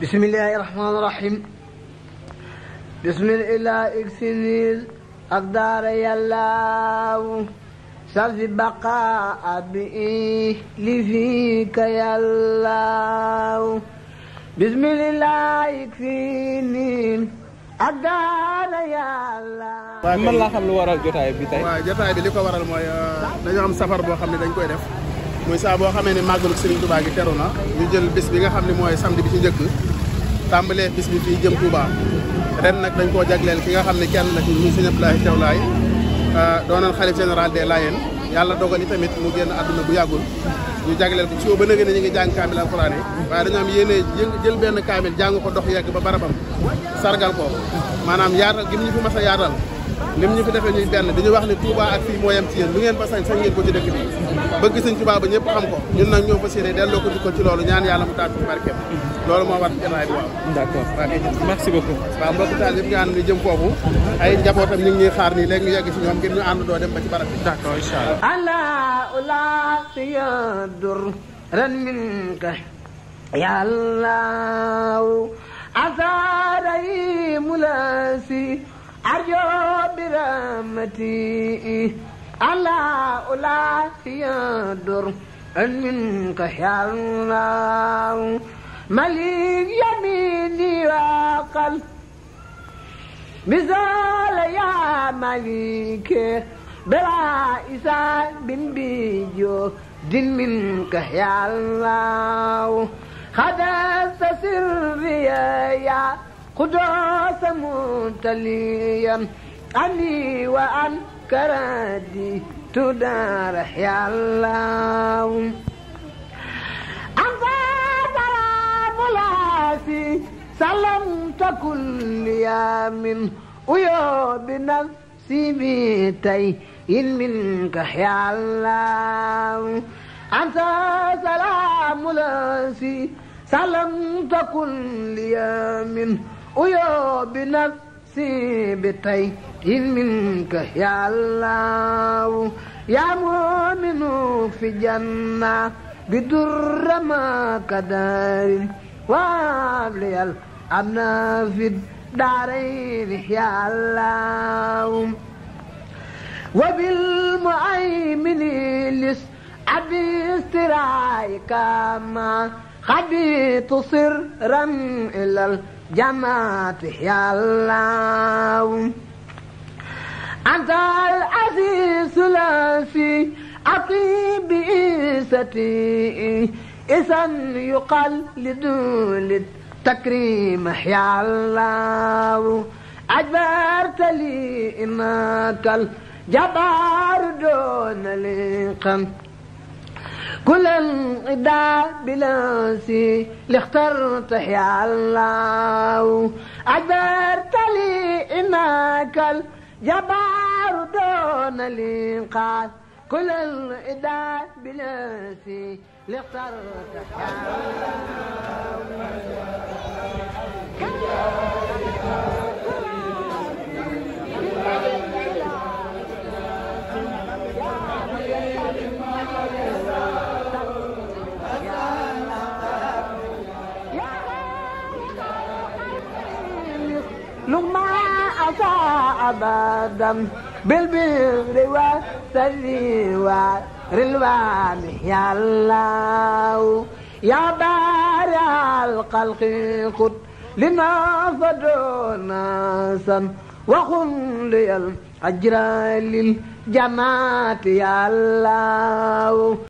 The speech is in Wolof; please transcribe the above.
بسم الله الرحمن الرحيم بسم الله اكسنيل أقدار يلاو سلف بقاء بإيه لفيك يلاو بسم الله يكفيني أقدار يلاو man laa xam lu waral jotaay bi tey waaw jotaay bi li ko waral mooy dañoo am safar boo xam ne dañ koy def muy saa boo xamee ne màggalu Serigne Touba gi teru na ñu jël bis bi nga xam ne mooy samedi bi ci njëkk tàmbalee bis bi fii jëm Touba ren nag dañ koo jagleel ki nga xam ne kenn la ci ñun Serigne Abdoulaye Thiaw Laye ah, doonoon xalif général des Layènes yàlla dogal i tamit mu génn àdduna bu yàggul ñu jagleel ko suba ba nëgë ne ñu ngi jàng kaamil alxuraan yi waaye dañoo am yéene jël benn kaamil jàng ko dox yegg ba barabam sargal ko maanaam yaatal gi mu ñu fi mas a yaatal lim ñu fi defee ñuy benn ñu wax ne Touba ak fii moo yem ci yéen lu ngeen fa sañ sañ ngeen ko ci dëkk bi bëgg sëñ Tuubaa ba ñëpp xam ko ñun nag ñoo fas yéene delloo ko ci ko ci loolu ñaan yàlla mu taat ci barkeem loolu moo war jotaay bi waaw d'accord merci beaucoup waaw mbokk taal yëpp ñu ànd ni jëm foofu ay njabootam ñu ngi ñuy xaar nii léegi ñu yegg si ñoom ngir ñu ànd doo dem ba ci barab bi d'accord inchallah ala ulasiya dur ran minka ya allah azaray mulasi arjo bi rahmati على أولئك يدر أن منك يا الله مليك يميني وقل مثال يا مليك بلا إساء بن بيجو دين منك يا الله خدست سري يا قدوس متليا أني وأنت كرديت دار يا الله أنت سلام لاسي سلمت كل يوم ويا بنفسي بيتي منك يا الله أنت سلام لاسي سلمت كل يوم ويا بنفسي نفسي بطيء منك يا الله يا مؤمن في جنة بدر ما كدار وابلي الأمن في الدارين يا الله وبالمؤمن لس أبي استرايك ما xabitu sirran ilal jamaati yàllaaw antal asiisu la fi aqibi isati isan yuqal li dulit takrima yàllaaw ajbartali imaakal jabaaru doona liqan كل انقضاء بلاسي لاخترت يا الله أجبرت لي إنك الجبار دون الإنقاذ كل الإداء بلاسي لاخترت يا الله لما أصاب الدم بالبر والسر والرلوان يا الله يا بارع الخلق خذ لنا فدونا سم وخن لي الأجر للجماعة يا الله